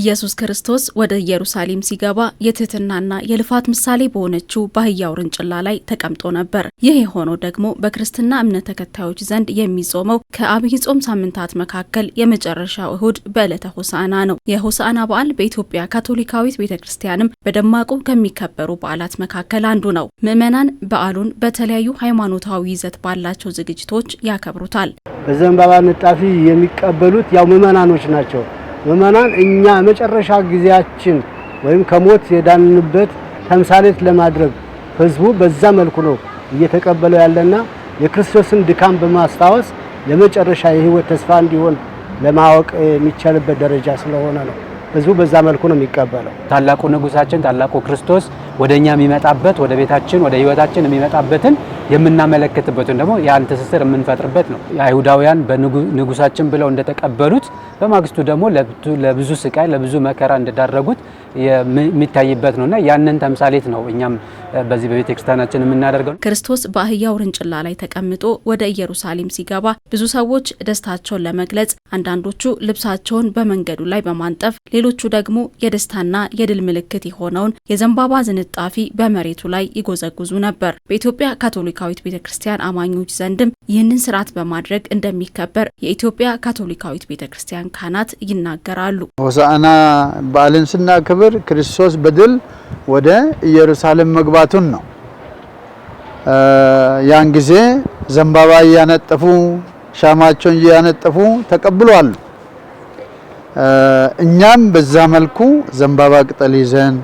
ኢየሱስ ክርስቶስ ወደ ኢየሩሳሌም ሲገባ የትህትናና የልፋት ምሳሌ በሆነችው በአህያ ውርንጭላ ላይ ተቀምጦ ነበር። ይህ የሆነው ደግሞ በክርስትና እምነት ተከታዮች ዘንድ የሚጾመው ከአብይ ጾም ሳምንታት መካከል የመጨረሻው እሁድ በዕለተ ሆሳዕና ነው። የሆሳዕና በዓል በኢትዮጵያ ካቶሊካዊት ቤተ ክርስቲያንም በደማቁ ከሚከበሩ በዓላት መካከል አንዱ ነው። ምዕመናን በዓሉን በተለያዩ ሃይማኖታዊ ይዘት ባላቸው ዝግጅቶች ያከብሩታል። በዘንባባ ንጣፊ የሚቀበሉት ያው ምዕመናኖች ናቸው። ምዕመናን እኛ መጨረሻ ጊዜያችን ወይም ከሞት የዳንንበት ተምሳሌት ለማድረግ ህዝቡ በዛ መልኩ ነው እየተቀበለው ያለና የክርስቶስን ድካም በማስታወስ የመጨረሻ የህይወት ተስፋ እንዲሆን ለማወቅ የሚቻልበት ደረጃ ስለሆነ ነው። ህዝቡ በዛ መልኩ ነው የሚቀበለው። ታላቁ ንጉሳችን ታላቁ ክርስቶስ ወደ እኛ የሚመጣበት ወደ ቤታችን ወደ ህይወታችን የሚመጣበትን የምናመለክትበትን ደግሞ ያን ትስስር የምንፈጥርበት ነው። አይሁዳውያን በንጉሳችን ብለው እንደተቀበሉት በማግስቱ ደግሞ ለብዙ ስቃይ፣ ለብዙ መከራ እንደዳረጉት የሚታይበት ነውና ያንን ተምሳሌት ነው እኛም በዚህ በቤተ ክርስቲያናችን የምናደርገው። ክርስቶስ በአህያ ውርንጭላ ላይ ተቀምጦ ወደ ኢየሩሳሌም ሲገባ ብዙ ሰዎች ደስታቸውን ለመግለጽ አንዳንዶቹ ልብሳቸውን በመንገዱ ላይ በማንጠፍ ሌሎቹ ደግሞ የደስታና የድል ምልክት የሆነውን የዘንባባ ዝንጣፊ በመሬቱ ላይ ይጎዘጉዙ ነበር። በኢትዮጵያ ካቶሊካዊት ቤተ ክርስቲያን አማኞች ዘንድም ይህንን ስርዓት በማድረግ እንደሚከበር የኢትዮጵያ ካቶሊካዊት ቤተ ክርስቲያን ካህናት ይናገራሉ። ሆሳዕና በዓልን ስናክብር ክርስቶስ በድል ወደ ኢየሩሳሌም መግባቱን ነው። ያን ጊዜ ዘንባባ እያነጠፉ ሻማቸውን እያነጠፉ ተቀብሏል። እኛም በዛ መልኩ ዘንባባ ቅጠል ይዘን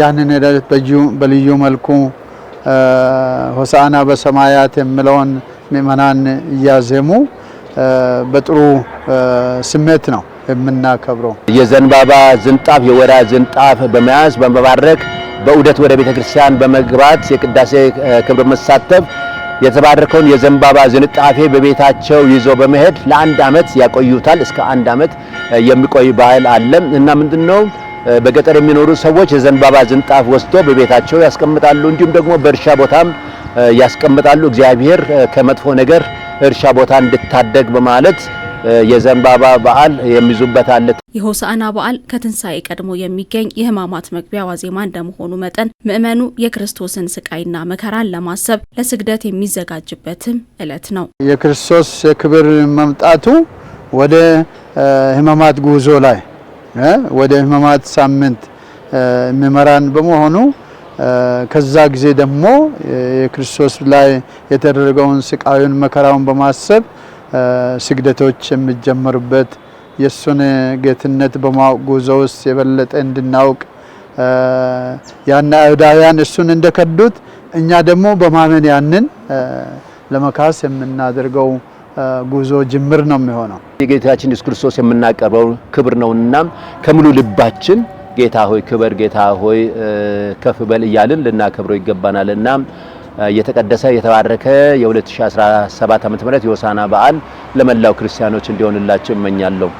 ያንን ሄዳት በልዩ መልኩ ሆሳዕና በሰማያት የሚለውን ምእመናን እያዜሙ በጥሩ ስሜት ነው የምናከብረው። የዘንባባ ዝንጣፍ፣ የወራ ዝንጣፍ በመያዝ በመባረክ በዑደት ወደ ቤተክርስቲያን በመግባት የቅዳሴ ክብር መሳተፍ የተባረከውን የዘንባባ ዝንጣፌ በቤታቸው ይዞ በመሄድ ለአንድ ዓመት ያቆዩታል። እስከ አንድ ዓመት የሚቆይ ባህል አለ። እና ምንድን ነው በገጠር የሚኖሩ ሰዎች የዘንባባ ዝንጣፍ ወስዶ በቤታቸው ያስቀምጣሉ። እንዲሁም ደግሞ በእርሻ ቦታም ያስቀምጣሉ። እግዚአብሔር ከመጥፎ ነገር እርሻ ቦታ እንድታደግ በማለት የዘንባባ በዓል የሚዙበት አለ። የሆሳዕና በዓል ከትንሣኤ ቀድሞ የሚገኝ የሕማማት መግቢያ ዋዜማ እንደመሆኑ መጠን ምእመኑ የክርስቶስን ስቃይና መከራን ለማሰብ ለስግደት የሚዘጋጅበትም እለት ነው። የክርስቶስ የክብር መምጣቱ ወደ ሕማማት ጉዞ ላይ ወደ ሕማማት ሳምንት የሚመራን በመሆኑ ከዛ ጊዜ ደግሞ የክርስቶስ ላይ የተደረገውን ስቃዩን መከራውን በማሰብ ስግደቶች የሚጀመሩበት የእሱን ጌትነት በማወቅ ጉዞ ውስጥ የበለጠ እንድናውቅ ያና አይሁዳውያን እሱን እንደከዱት እኛ ደግሞ በማመን ያንን ለመካስ የምናደርገው ጉዞ ጅምር ነው የሚሆነው። የጌታችን ኢየሱስ ክርስቶስ የምናቀርበው ክብር ነውና ከሙሉ ልባችን ጌታ ሆይ ክበር፣ ጌታ ሆይ ከፍ በል እያልን ልናከብረው እና የተቀደሰ የተባረከ የ2017 ዓ.ም የሆሳዕና በዓል ለመላው ክርስቲያኖች እንዲሆንላቸው እመኛለሁ።